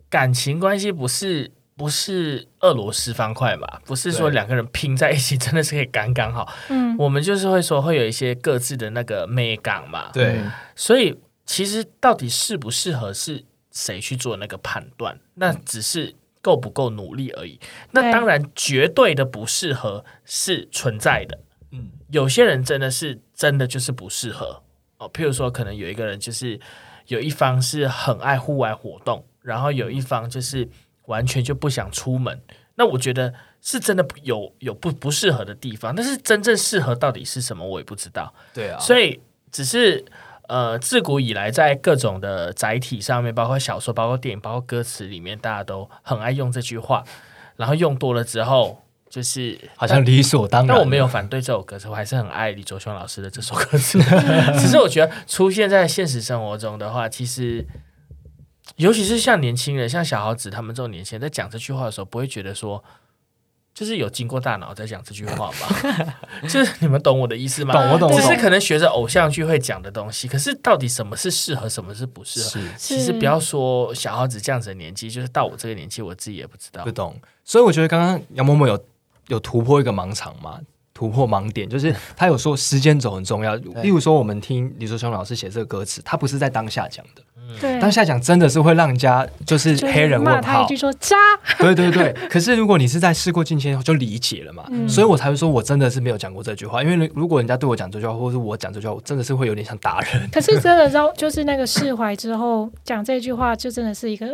感情關係不是不是俄羅斯方塊嘛？不是說兩個人拼在一起真的是可以剛剛好。嗯，我們就是會說會有一些各自的那個美感嘛。對，所以其實到底適不適合是誰去做那個判斷？那只是夠不夠努力而已。那當然，絕對的不適合是存在的。嗯，有些人真的是真的就是不適合哦。譬如說，可能有一個人就是有一方是很愛戶外活動。然後有一方就是完全就不想出門，嗯、那我覺得是真的有有不不適合的地方，但是真正適合到底是什麼，我也不知道。對啊，所以只是呃，自古以來在各種的載體上面，包括小說、包括電影、包括歌詞裡面，大家都很愛用這句話。然後用多了之後，就是好像理所當然但。但我沒有反對這首歌，我還是很愛李焯雄老師的這首歌詞。其 實我覺得出現在現實生活中的話，其實。尤其是像年輕人，像小豪子他們這種年輕人，在講這句話的時候，不會覺得說，就是有經過大腦在講這句話嗎？ 就是你們懂我的意思嗎？懂我懂，只是可能學着偶像劇會講的東西。可是到底什麼是適合，什麼是不適合是？其實不要說小豪子這樣子的年紀，就是到我這個年紀，我自己也不知道，不懂。所以我覺得剛剛楊某某有有突破一個盲腸嘛。突破盲點，就是他有說時間軸很重要。例如說，我們聽李焯雄老師寫這個歌詞，他不是在當下講的。對、嗯，當下講真的是會讓人家就是黑人問號、就是、他一句說渣。 對對對，可是如果你是在事過境遷，就理解了嘛、嗯。所以我才會說我真的是沒有講過這句話，因為如果人家對我講這句話，或者是我講這句話，我真的是會有點想打人。可是真的，就是那個釋懷之後講 這句話，就真的是一個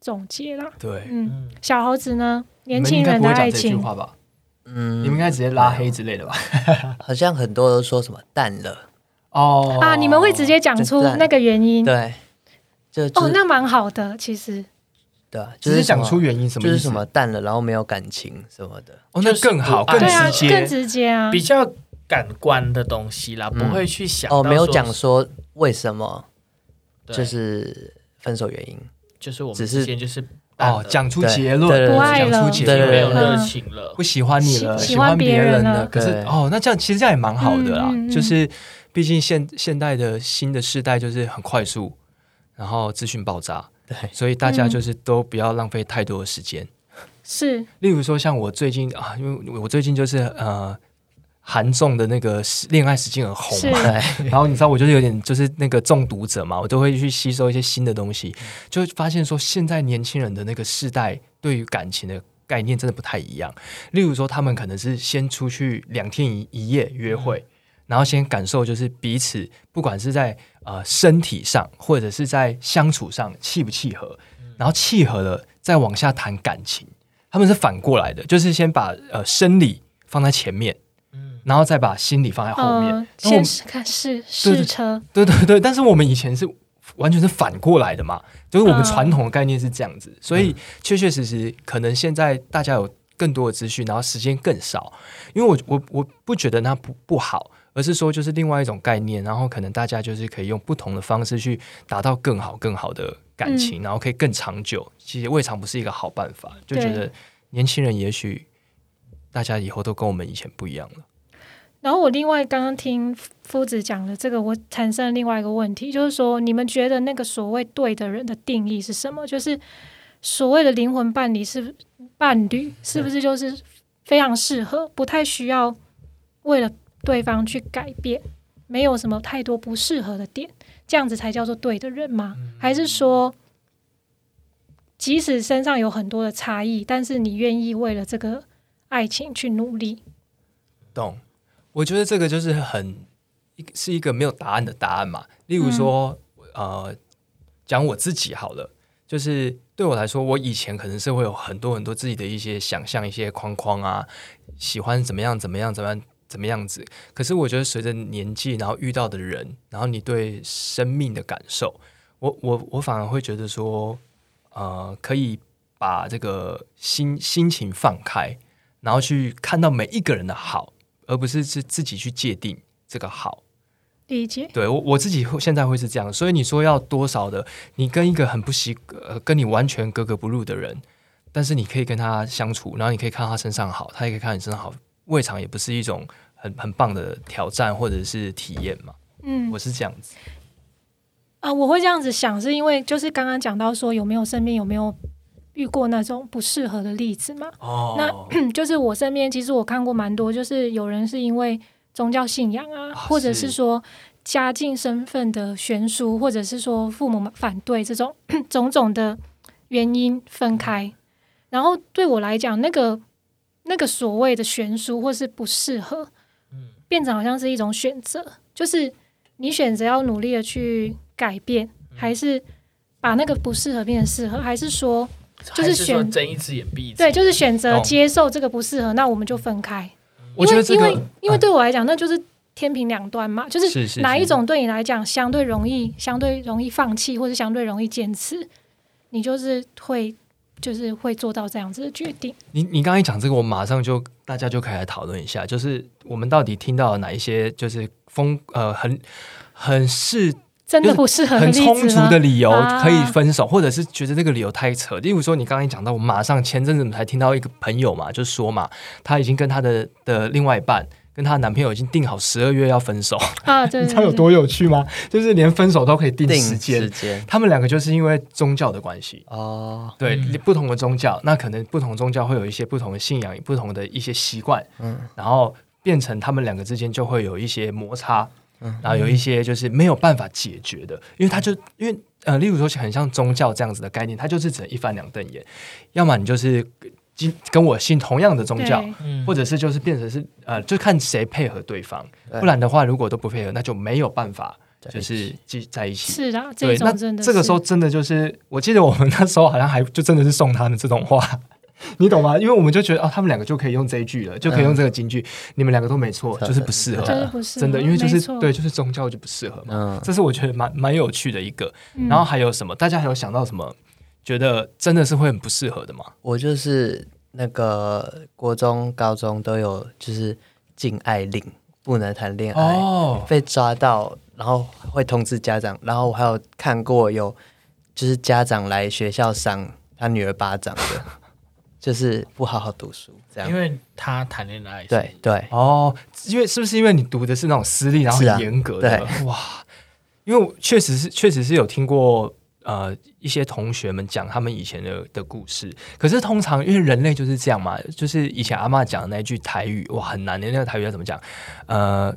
總結啦。對，嗯，嗯小猴子，呢，年輕人的愛情。嗯，你們應該直接拉黑之類的吧？好像很多人都說什麼淡了哦 啊，你們會直接講出那個原因？對，對就、就是、哦，那蠻好的，其實對，就是講出原因，什麼就是什麼淡了，然後沒有感情什麼的哦，那更好，就是、更直接對、啊，更直接啊，比較感官的東西啦，嗯、不會去想哦，沒有講說為什麼對，就是分手原因，就是我們之間就是。哦，講出結論，講出結論，沒有熱情了，不喜歡你了，嗯、喜歡別人了。人了，可是哦，那這樣其實這樣也蠻好的啦，嗯嗯嗯，就是畢竟現現代的新的世代就是很快速，然後資訊爆炸，對，所以大家就是都不要浪費太多的時間，嗯。是，例如說像我最近啊，因為我最近就是呃。韓綜的那個戀愛實境很紅嘛，然後你知道我就是有點就是那個中毒者嘛，我都會去吸收一些新的東西，就發現說現在年輕人的那個世代對於感情的概念真的不太一樣。例如說，他們可能是先出去兩天一一夜約會，然後先感受就是彼此不管是在呃身體上或者是在相處上契不契合，然後契合了再往下談感情。他們是反過來的，就是先把呃生理放在前面，然後再把心理放在後面，呃、後先試試，試試車，對對對。但是我們以前是完全是反過來的嘛，就是我們傳統的概念是這樣子，呃、所以確確實實可能現在大家有更多的資訊，然後時間更少。因為我我我不覺得那不不好，而是說就是另外一種概念，然後可能大家就是可以用不同的方式去達到更好更好的感情、嗯，然後可以更長久。其實未嘗不是一個好辦法。就覺得年輕人也許大家以後都跟我們以前不一樣了。然後我另外剛剛聽夫子講的，這個，我產生了另外一個問題，就是說，你們覺得那個所謂對的人的定義是什麼？就是所謂的靈魂伴侶是伴侶，是不是就是非常適合，嗯，不太需要為了對方去改變，沒有什麼太多不適合的點，這樣子才叫做對的人嗎？嗯。還是說，即使身上有很多的差異，但是你願意為了這個愛情去努力，懂？我覺得這個就是很一是一個沒有答案的答案嘛。例如說，嗯，呃，講我自己好了，就是對我來說，我以前可能是會有很多很多自己的一些想象、一些框框啊，喜歡怎麼樣、怎麼樣、怎麼樣怎麼樣子。可是我覺得隨着年紀，然後遇到的人，然後你對生命的感受，我我我反而會覺得說，呃，可以把這個心心情放開，然後去看到每一個人的好。而不是是自己去界定，這個好理解，對我我自己會現在會是這樣。所以你說要多少的，你跟一個很不習呃，跟你完全格格不入的人，但是你可以跟他相處，然後你可以看他身上好，他也可以看你身上好，未嘗也不是一種很很棒的挑戰或者是體驗嘛。嗯，我是這樣子啊，我會這樣子想，是因為就是剛剛講到說有沒有身邊有沒有。遇過那種不適合的例子嘛？哦、oh.，那 就是我身邊，其實我看過蠻多，就是有人是因為宗教信仰啊，oh. 或者是說家境身份的懸殊，oh. 或者是說父母反對這種 種種的原因分開。然後對我來講，那個那個所謂的懸殊或是不適合，嗯、mm.，變成好像是一種選擇，就是你選擇要努力的去改變，mm. 還是把那個不適合變成適合，還是說？就是選睜一隻眼閉一隻眼，對，就是選擇接受這個不適合，那我們就分開。我覺得，因為因為對我來講，那就是天平兩端嘛，就是哪一種對你來講相對容易，相對容易放棄，或者相對容易堅持，你就是會就是會做到這樣子的決定。你你剛才講這個，我馬上就大家就可以來討論一下，就是我們到底聽到了哪一些就是風呃很很是。真的不適合，就是、很充足的理由可以分手、啊，或者是覺得這個理由太扯。例如說你，你剛剛講到，我馬上前陣子我們才聽到一個朋友嘛，就說嘛，他已經跟他的的另外一半，跟她男朋友已經定好十二月要分手、啊、 你知道有多有趣嗎？就是連分手都可以定時,定時間。他們兩個就是因為宗教的關係哦，對、嗯、不同的宗教，那可能不同宗教會有一些不同的信仰，不同的一些習慣，嗯，然後變成他們兩個之間就會有一些摩擦。然後有一些就是沒有辦法解決的，嗯、因為他就因為呃，例如說很像宗教這樣子的概念，他就是只能一翻兩瞪眼，要麼你就是跟跟我信同樣的宗教，或者是就是變成是呃，就看誰配合對方，對，不然的話如果都不配合，那就沒有辦法，就是繼在一起。是、啊、的是，對，那真的這個時候真的就是，我記得我們那時候好像還就真的是送他的這種話。嗯你懂嗎？因為我們就覺得哦，他們兩個就可以用這一句了，就可以用這個金句。嗯、你們兩個都沒錯，就是不適合，就是不是，真的，因為就是對，就是宗教就不適合嘛。嗯、這是我覺得蠻蠻有趣的一個。然後還有什麼，嗯，大家還有想到什麼？覺得真的是會很不適合的嗎？我就是那個國中，高中都有，就是禁愛令，不能談戀愛，哦，被抓到，然後會通知家長。然後我還有看過有，就是家長來學校賞他女兒巴掌的。 就是不好好讀書，這樣。因為他談戀愛，對對哦，因為是不是因為你讀的是那種私立，啊，然後很嚴格的哇？因為我確實是，確實是有聽過呃一些同學們講他們以前的的故事。可是通常因為人類就是這樣嘛，就是以前阿嬤講的那句台語哇很難的，那個台語要怎麼講？呃，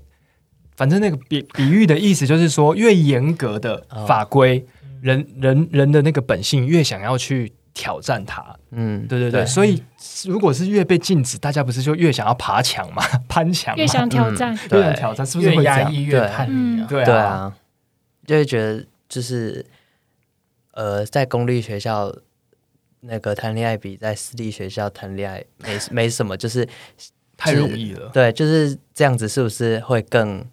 反正那個比比喻的意思就是說，越嚴格的法規，哦、人人人的那個本性越想要去。挑戰他，嗯，對對對，對，所以、嗯、如果是越被禁止，大家不是就越想要爬牆嘛，攀牆，越想挑戰，嗯、越想挑戰，是不是會這樣？越壓抑越叛逆，嗯、對、啊，對啊，就會覺得就是呃，在公立學校那個談戀愛比在私立學校談戀愛沒沒什麼， 就是太容易了，對，就是這樣子，是不是會更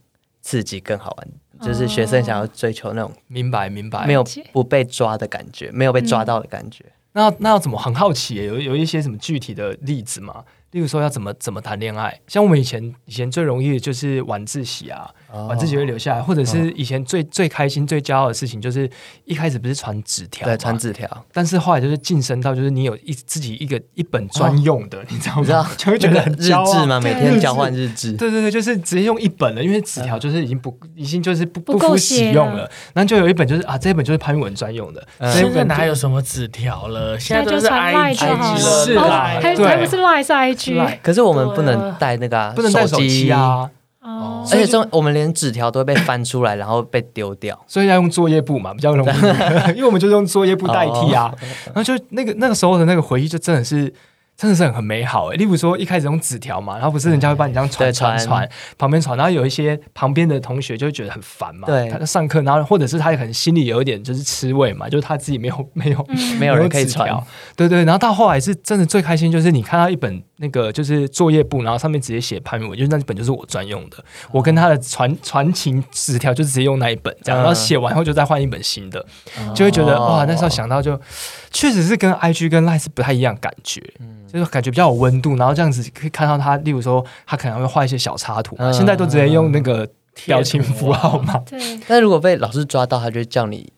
刺激、更好玩？哦、就是學生想要追求那種明白明白，沒有不被抓的感覺，沒有被抓到的感覺。嗯那那怎麼？很好奇，有有一些什麼具體的例子嗎？例如說要怎麼怎麼談戀愛？像我們以前以前最容易就是晚自習啊。把自己會留下來，或者是以前最最開心、最驕傲的事情，就是一開始不是傳紙條，對，傳紙條，但是後來就是晉升到，就是你有一自己一個一本專用的、哦，你知道嗎？嗯、就會覺得很日誌嘛，每天交換日誌。對對對，就是直接用一本了，因為紙條就是已經不，嗯、已經就是不不夠使用了、啊。然後就有一本就是啊，這一本就是潘文專用的，啊、現在哪有什麼紙條了？現在就傳賴就好了，是 IG，是，還不是賴是 IG。可是我們不能帶那個、啊啊啊，不能帶手機啊。哦、oh.，而且這種我們連紙條都會被翻出來， 然後被丟掉，所以要用作業簿嘛，比較容易。 因為我們就是用作業簿代替啊，oh. 然後就那個那個時候的那個回憶，就真的是真的是很美好誒、欸。例如說一開始用紙條嘛，然後不是人家會把你這樣傳傳傳旁邊傳，然後有一些旁邊的同學就會覺得很煩嘛。對，他就上課然後或者是他可能心裡有一點就是吃味嘛，就是他自己沒有沒有 沒有人可以傳。對,對對，然後到後來是真的最開心就是你看到一本。那個就是作業簿，然後上面直接寫排位，因為那本就是我專用的、哦。我跟他的傳傳情紙條就直接用那一本，這樣，嗯、然後寫完後就再換一本新的，嗯、就會覺得、哦、哇，那時候想到就確實是跟 IG 跟 LINE 是不太一樣感覺、嗯，就是感覺比較有溫度，然後這樣子可以看到他，例如說他可能會畫一些小插圖、嗯，現在都直接用那個表情符號嘛。 但如果被老師抓到，他就會叫你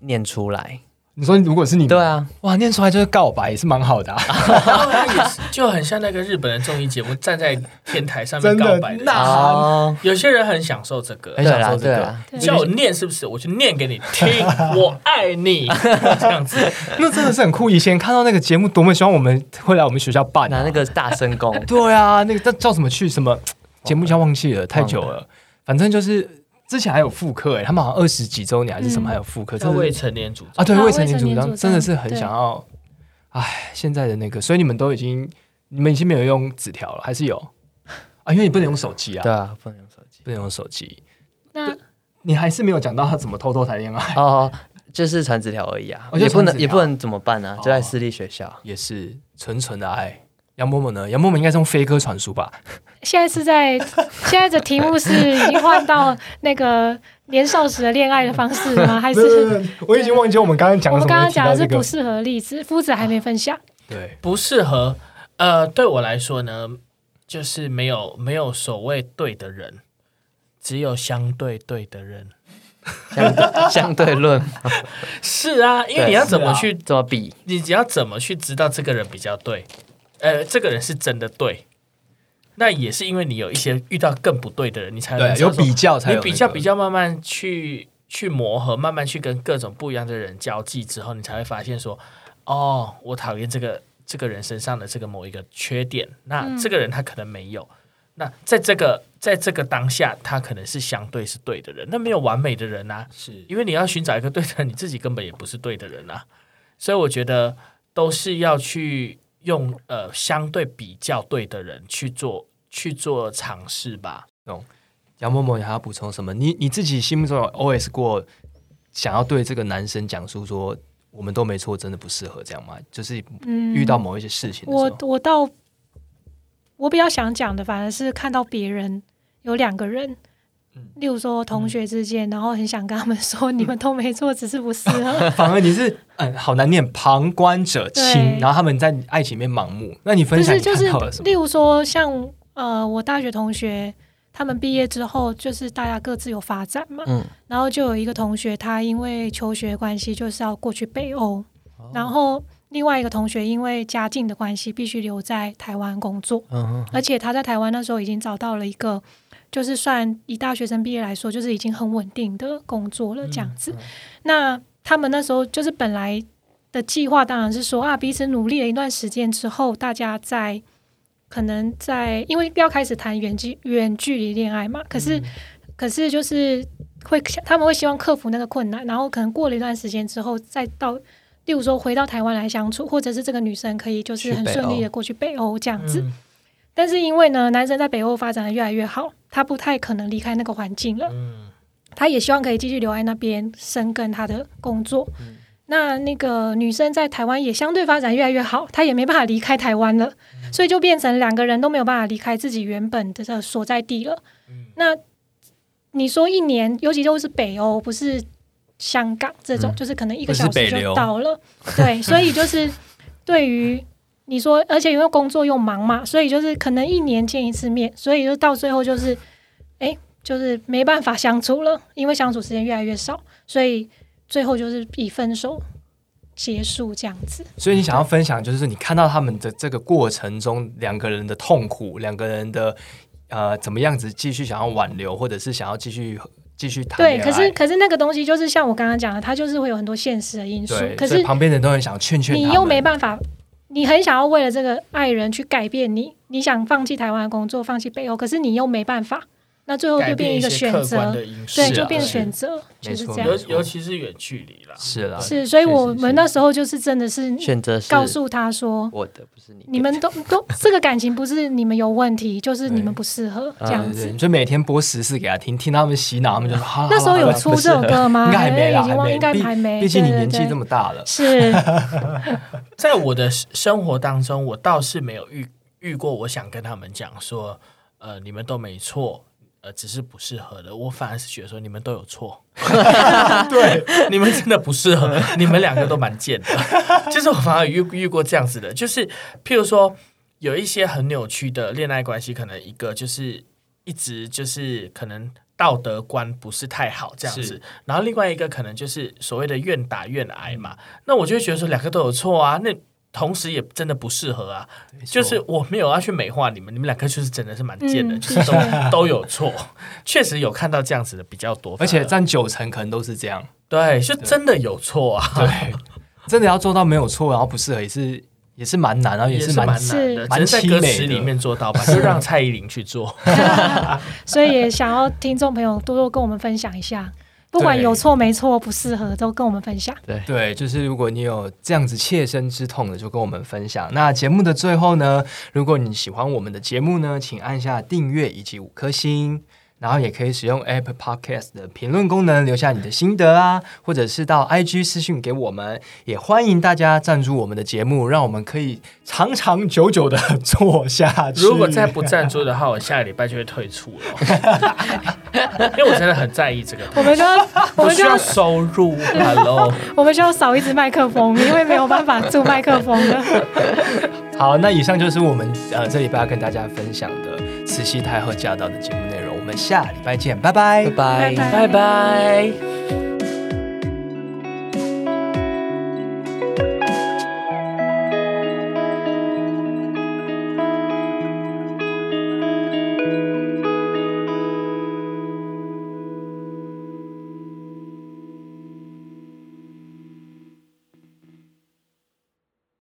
念出來。你說，如果是你，對啊，哇，念出來就是告白，也是蠻好的、啊，oh, 就很像那個日本的綜藝節目，站在天台上面告白， 那、oh. 有些人很享受這個，很享受這個，叫我念是不是？我就念給你聽， 我愛你這樣子， 那真的是很酷。以前看到那個節目，多麼希望我們會來我們學校辦，拿那個大聲公， 對啊，那個叫叫什麼去什麼節目，一下忘記了，oh, 太久了，了，反正就是。之前還有復刻哎、欸，他們好像二十幾周年還是什麼，還有復刻、嗯，這是、啊、未成年組啊，對未成年組，然後真的是很想要。哎，現在的那個，所以你們都已經，你們已經沒有用紙條了，還是有啊？因為你不能用手機啊手，對啊，不能用手機，不能用手機。那你還是沒有講到他怎麼偷偷談戀愛啊、哦？就是傳紙條而已啊，也不能、哦，也不能怎麼辦呢、啊哦？就在私立學校，也是純純的愛。楊某某呢？楊某某應該是用飛鴿傳書吧？現在是在現在的題目是已經換到那個年少時的戀愛的方式嗎？還是 我已經忘記我們剛剛講我們剛剛講的是不適合例子，夫子還沒分享。對，不適合。呃，對我來說呢，就是沒有沒有所謂對的人，只有相對對的人。 相對相對論 是啊，因為你要怎麼去、啊、怎麼比？你只要怎麼去知道這個人比較對？呃，這個人是真的對，那也是因為你有一些遇到更不對的人，你才能有比較，才有比較，才有那個，你比較，比較慢慢去去磨合，慢慢去跟各種不一樣的人交際之後，你才會發現說，哦，我討厭這個這個人身上的這個某一個缺點，那這個人他可能沒有，嗯、那在這個在這個當下，他可能是相對是對的人，那沒有完美的人呢、啊，是因為你要尋找一個對的，你自己根本也不是對的人啊，所以我覺得都是要去。用呃，相對比較對的人去做去做嘗試吧。嗯、楊某某，你還要補充什麼？你你自己心目中有 OS 過想要對這個男生講述說，我們都沒錯，真的不適合這樣嗎？就是遇到某一些事情、嗯，我我倒我比較想講的，反而是看到別人有兩個人。例如說，同學之間、嗯，然後很想跟他們說、嗯，你們都沒錯，只是不適合。 反而你是，嗯、呃，好難唸，旁觀者清，然後他們在愛情裡面盲目。那你分享參是就是，例如說，像呃，我大學同學，他們畢業之後，就是大家各自有發展嘛。嗯、然後就有一個同學，他因為求學關係，就是要過去北歐、哦；然後另外一個同學，因為家境的關係，必須留在台灣工作。嗯哼哼。而且他在台灣那時候已經找到了一個。就是算以大學生畢業來說，就是已經很穩定的工作了這樣子。那他們那時候就是本來的計劃，當然是說啊，彼此努力了一段時間之後，大家在可能在因為要開始談遠距遠距離戀愛嘛。可是可是就是會他們會希望克服那個困難，然後可能過了一段時間之後，再到例如說回到台灣來相處，或者是這個女生可以就是很順利的過去北歐這樣子。但是因為呢，男生在北歐發展的越來越好。他不太可能離開那個環境了。嗯，他也希望可以繼續留在那邊深耕他的工作。嗯。那那個女生在台灣也相對發展越來越好，她也沒辦法離開台灣了。嗯，所以就變成兩個人都沒有辦法離開自己原本的所在地了。嗯。那你說一年，尤其就是北歐，不是香港這種。嗯，就是可能一個小時就到了。對， 所以就是對於。你說，而且因為工作又忙嘛，所以就是可能一年見一次面，所以就到最後就是，哎、欸，就是沒辦法相處了，因為相處時間越來越少，所以最後就是以分手結束這樣子。所以你想要分享，就是你看到他們的這個過程中，兩個人的痛苦，兩個人的呃，怎麼樣子繼續想要挽留，或者是想要繼續繼續談。對，可是可是那個東西就是像我剛剛講的，它就是會有很多現實的因素。對，可是旁邊人都很想勸勸你，又沒辦法。你很想要為了這個愛人去改變你，你想放棄台灣工作，放棄北歐，可是你又沒辦法。那最後就變一個選擇，對，就變選擇，啊，就是這樣。尤尤其是遠距離了，是了，啊，是。所以我們那時候就是真的是選擇，告訴他說：“我的不是你，你們都都這個感情，不是你們有問題， 就是你們不適合。”這樣子，嗯嗯，就每天播十次給他聽，聽他們洗腦他們就說。 那時候有出這首歌嗎？ 應該還沒，欸，還沒，應該還沒。畢竟你年紀這麼大了。對對對，是。 在我的生活當中，我倒是沒有遇遇過。我想跟他們講說：“呃，你們都沒錯。”呃，只是不適合的，我反而是覺得說你們都有錯， 對， 你們真的不適合， 你們兩個都蠻賤的， 就是我反而遇遇過這樣子的，就是譬如說有一些很扭曲的戀愛關係，可能一個就是一直就是可能道德觀不是太好這樣子，然後另外一個可能就是所謂的願打願挨嘛、嗯，那我就會覺得說兩個都有錯啊，那。同時，也真的不適合啊。就是我沒有要去美化你們，你們兩個就是真的是蠻賤的，嗯，就是都 都有錯，確實有看到這樣子的比較多，而且佔九成可能都是這樣。對，就真的有錯啊。對，對 真的要做到沒有錯，然後不適合也是也是蠻難，啊，然後也是蠻難的。是的，只能在歌詞裡面做到吧。就讓蔡依林去做。 所以也想要聽眾朋友多多跟我們分享一下。不管有錯沒錯，不適合都跟我們分享。對，就是如果你有這樣子切身之痛的，就跟我們分享。那節目的最後呢，如果你喜歡我們的節目呢，請按下訂閱以及五顆星。然後也可以使用 Apple Podcast 的評論功能留下你的心得啊，或者是到 IG 私訊給我們。也歡迎大家贊助我們的節目，讓我們可以長長久久的做下去。如果再不贊助的話， 我下個禮拜就會退出了。 因為我真的很在意這個。我們就要，我們需要收入，哈嘍。我們需要少一支麥克風，因為沒有辦法租麥克風了。好，那以上就是我們呃這禮拜要跟大家分享的慈禧太后駕到的節目內容。我們下禮拜見，拜拜，拜拜，拜拜，拜拜。